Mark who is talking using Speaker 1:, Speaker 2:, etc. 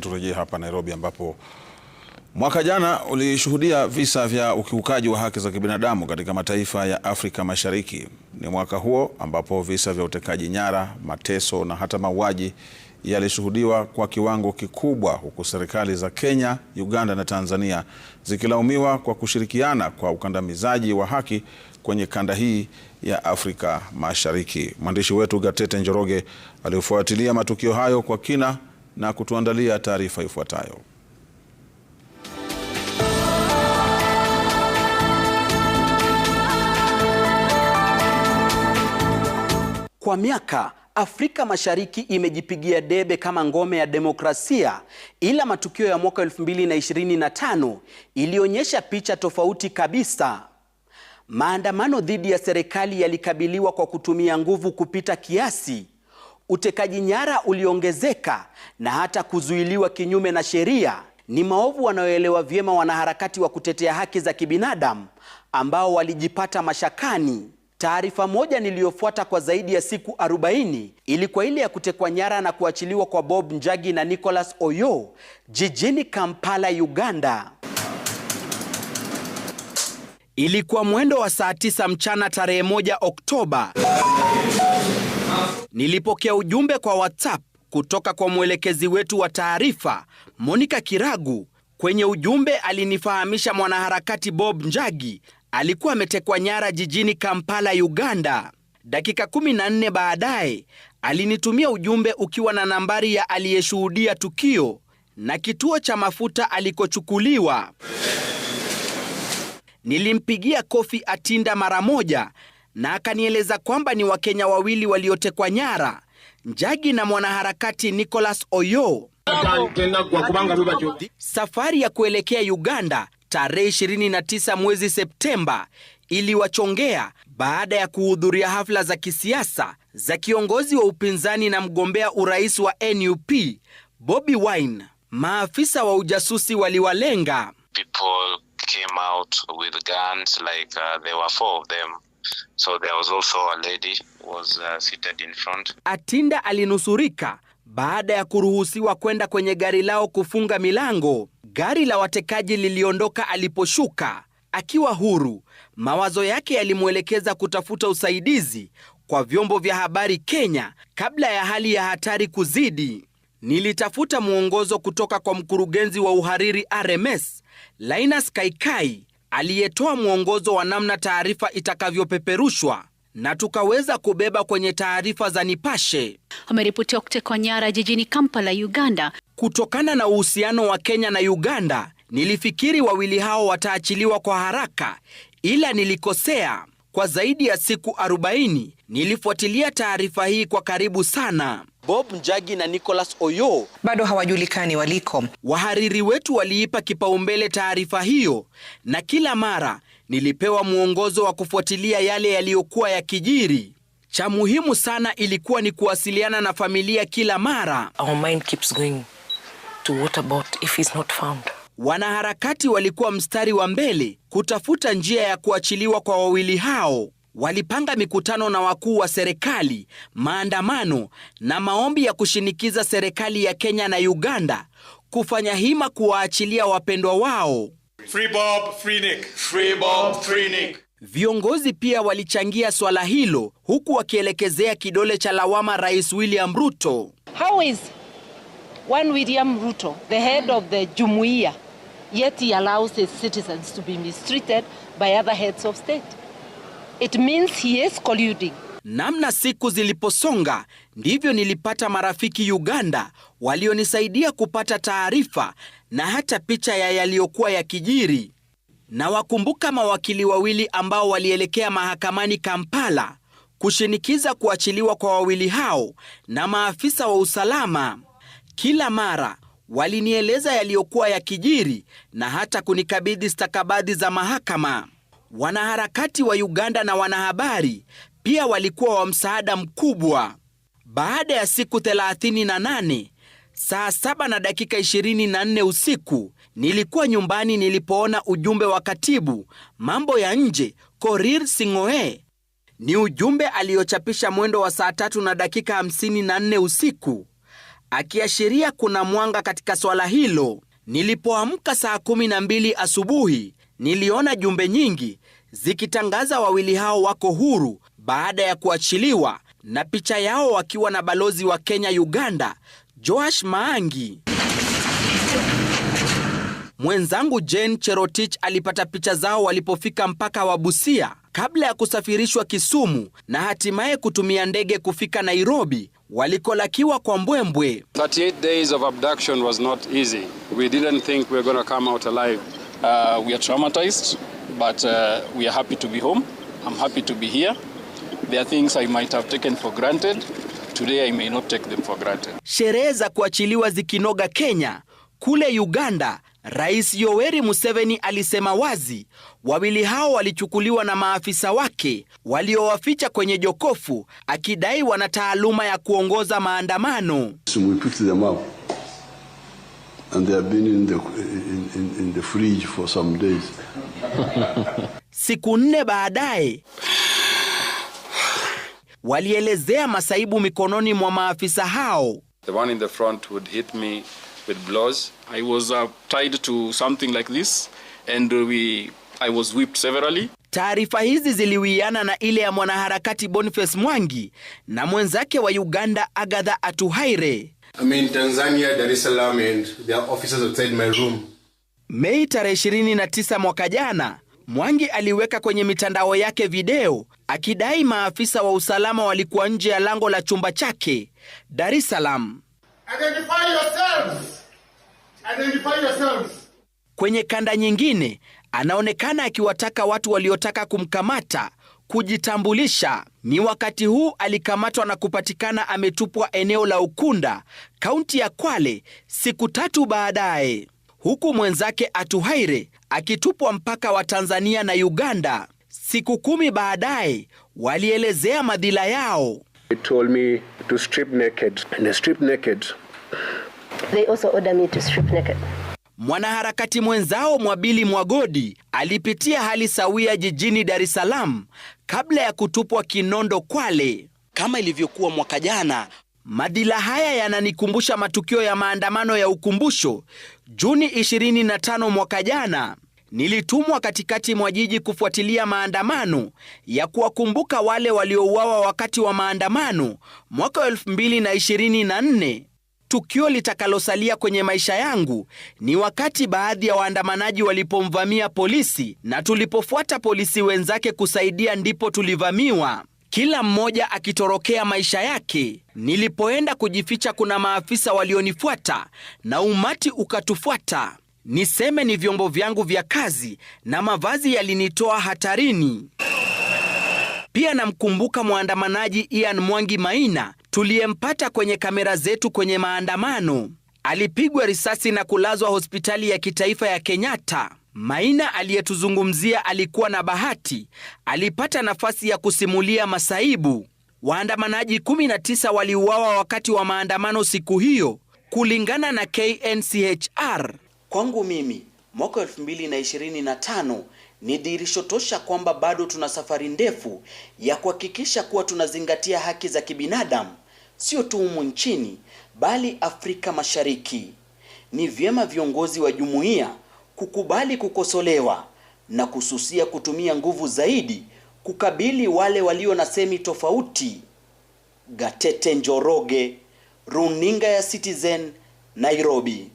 Speaker 1: Turejee hapa Nairobi ambapo mwaka jana ulishuhudia visa vya ukiukaji wa haki za kibinadamu katika mataifa ya Afrika Mashariki. Ni mwaka huo ambapo visa vya utekaji nyara, mateso na hata mauaji yalishuhudiwa kwa kiwango kikubwa, huku serikali za Kenya, Uganda na Tanzania zikilaumiwa kwa kushirikiana kwa ukandamizaji wa haki kwenye kanda hii ya Afrika Mashariki. Mwandishi wetu Gatete Njoroge alifuatilia matukio hayo kwa kina na kutuandalia taarifa ifuatayo.
Speaker 2: Kwa miaka Afrika Mashariki imejipigia debe kama ngome ya demokrasia, ila matukio ya mwaka 2025 ilionyesha picha tofauti kabisa. Maandamano dhidi ya serikali yalikabiliwa kwa kutumia nguvu kupita kiasi utekaji nyara uliongezeka na hata kuzuiliwa kinyume na sheria ni maovu wanayoelewa vyema wanaharakati wa kutetea haki za kibinadamu ambao walijipata mashakani. Taarifa moja niliyofuata kwa zaidi ya siku 40 ilikuwa ile ya kutekwa nyara na kuachiliwa kwa Bob Njagi na Nicholas Oyo jijini Kampala, Uganda. Ilikuwa mwendo wa saa 9 mchana tarehe 1 Oktoba Nilipokea ujumbe kwa WhatsApp kutoka kwa mwelekezi wetu wa taarifa Monica Kiragu. Kwenye ujumbe alinifahamisha mwanaharakati Bob Njagi alikuwa ametekwa nyara jijini Kampala, Uganda. Dakika 14 baadaye alinitumia ujumbe ukiwa na nambari ya aliyeshuhudia tukio na kituo cha mafuta alikochukuliwa. Nilimpigia Kofi Atinda mara moja na akanieleza kwamba ni Wakenya wawili waliotekwa nyara, Njagi na mwanaharakati Nicholas Oyo. Safari ya kuelekea Uganda tarehe 29 mwezi Septemba iliwachongea baada ya kuhudhuria hafla za kisiasa za kiongozi wa upinzani na mgombea urais wa NUP Bobi Wine. Maafisa wa ujasusi waliwalenga.
Speaker 3: People came out with guns like, uh, there were four of them. So there was also a lady was uh, seated in front.
Speaker 2: Atinda alinusurika baada ya kuruhusiwa kwenda kwenye gari lao kufunga milango. Gari la watekaji liliondoka aliposhuka. Akiwa huru, mawazo yake yalimwelekeza kutafuta usaidizi kwa vyombo vya habari Kenya kabla ya hali ya hatari kuzidi. Nilitafuta mwongozo kutoka kwa mkurugenzi wa uhariri RMS, Linus Kaikai aliyetoa mwongozo wa namna taarifa itakavyopeperushwa na tukaweza kubeba kwenye taarifa za Nipashe. Ameripotiwa kutekwa nyara jijini Kampala, Uganda. Kutokana na uhusiano wa Kenya na Uganda, nilifikiri wawili hao wataachiliwa kwa haraka, ila nilikosea. Kwa zaidi ya siku 40 nilifuatilia taarifa hii kwa karibu sana. Bob Njagi na Nicholas Oyo bado hawajulikani waliko. Wahariri wetu waliipa kipaumbele taarifa hiyo, na kila mara nilipewa mwongozo wa kufuatilia yale yaliyokuwa yakijiri. Cha muhimu sana ilikuwa ni kuwasiliana na familia kila mara.
Speaker 4: Our mind keeps going to what about if he's not found.
Speaker 2: Wanaharakati walikuwa mstari wa mbele kutafuta njia ya kuachiliwa kwa wawili hao. Walipanga mikutano na wakuu wa serikali, maandamano na maombi ya kushinikiza serikali ya Kenya na Uganda kufanya hima kuwaachilia wapendwa wao.
Speaker 5: Free Bob, free Nick. Free Bob, free Nick.
Speaker 2: Viongozi pia walichangia swala hilo huku wakielekezea kidole cha lawama Rais William Ruto. How
Speaker 6: is one William Ruto, the head of the Jumuiya, yet he allows his citizens to be mistreated by other heads of state? It means he is colluding.
Speaker 2: Namna siku ziliposonga ndivyo nilipata marafiki Uganda walionisaidia kupata taarifa na hata picha ya yaliyokuwa yakijiri. Na wakumbuka mawakili wawili ambao walielekea mahakamani Kampala kushinikiza kuachiliwa kwa wawili hao na maafisa wa usalama. Kila mara walinieleza yaliyokuwa yakijiri na hata kunikabidhi stakabadhi za mahakama. Wanaharakati wa Uganda na wanahabari pia walikuwa wa msaada mkubwa. Baada ya siku 38 saa 7 na dakika 24 usiku nilikuwa nyumbani nilipoona ujumbe wa katibu mambo ya nje Korir Singoe. Ni ujumbe aliochapisha mwendo wa saa tatu na dakika 54 usiku akiashiria kuna mwanga katika swala hilo. Nilipoamka saa 12 asubuhi niliona jumbe nyingi zikitangaza wawili hao wako huru baada ya kuachiliwa na picha yao wakiwa na balozi wa Kenya Uganda Joash Maangi. Mwenzangu Jane Cherotich alipata picha zao walipofika mpaka wa Busia kabla ya kusafirishwa Kisumu na hatimaye kutumia ndege kufika Nairobi walikolakiwa kwa mbwembwe.
Speaker 7: 38 days of abduction was not easy. We didn't think we were going to come out alive. Uh, we are traumatized but uh, we are happy to be home. I'm happy to be here. There are things I might have taken for granted. Today I may not take them for granted.
Speaker 2: Sherehe za kuachiliwa zikinoga Kenya, kule Uganda Rais Yoweri Museveni alisema wazi wawili hao walichukuliwa na maafisa wake waliowaficha kwenye jokofu, akidai wana taaluma ya kuongoza maandamano.
Speaker 8: So we put them up and they have been in in, in, in the, the fridge for some days.
Speaker 2: Siku nne baadaye walielezea masaibu mikononi mwa maafisa hao.
Speaker 7: The one in the front would hit me with blows. I was uh, tied to something like this and we I was whipped severally.
Speaker 2: Taarifa hizi ziliwiana na ile ya mwanaharakati Boniface Mwangi na mwenzake wa Uganda Agatha Atuhaire.
Speaker 7: I mean, Tanzania, Dar es Salaam and officers outside my room.
Speaker 2: Mei tarehe 29 mwaka jana, Mwangi aliweka kwenye mitandao yake video akidai maafisa wa usalama walikuwa nje ya lango la chumba chake Dar es Salaam.
Speaker 9: Identify yourselves. Identify yourselves.
Speaker 2: Kwenye kanda nyingine anaonekana akiwataka watu waliotaka kumkamata kujitambulisha. Ni wakati huu alikamatwa na kupatikana ametupwa eneo la Ukunda, kaunti ya Kwale, siku tatu baadaye huku mwenzake Atuhaire akitupwa mpaka wa Tanzania na Uganda. Siku kumi baadaye walielezea madhila yao. Mwanaharakati mwenzao Mwabili Mwagodi alipitia hali sawia jijini Dar es Salaam kabla ya kutupwa Kinondo Kwale. Kama ilivyokuwa mwaka jana, Madila haya yananikumbusha matukio ya maandamano ya ukumbusho Juni 25 mwaka jana. Nilitumwa katikati mwa jiji kufuatilia maandamano ya kuwakumbuka wale waliouawa wakati wa maandamano mwaka 2024. Tukio litakalosalia kwenye maisha yangu ni wakati baadhi ya waandamanaji walipomvamia polisi na tulipofuata polisi wenzake kusaidia ndipo tulivamiwa kila mmoja akitorokea maisha yake. Nilipoenda kujificha, kuna maafisa walionifuata na umati ukatufuata. Niseme ni vyombo vyangu vya kazi na mavazi yalinitoa hatarini. Pia namkumbuka mwandamanaji Ian Mwangi Maina tuliyempata kwenye kamera zetu kwenye maandamano. Alipigwa risasi na kulazwa hospitali ya kitaifa ya Kenyatta. Maina aliyetuzungumzia alikuwa na bahati, alipata nafasi ya kusimulia masaibu. Waandamanaji 19 waliuawa wakati wa maandamano siku hiyo, kulingana na KNCHR. Kwangu mimi mwaka 2025 ni dhihirisho tosha kwamba bado tuna safari ndefu ya kuhakikisha kuwa tunazingatia haki za kibinadamu, sio tu humu nchini, bali Afrika Mashariki. Ni vyema viongozi wa jumuiya kukubali kukosolewa na kususia kutumia nguvu zaidi kukabili wale walio na semi tofauti. Gatete Njoroge, Runinga ya Citizen, Nairobi.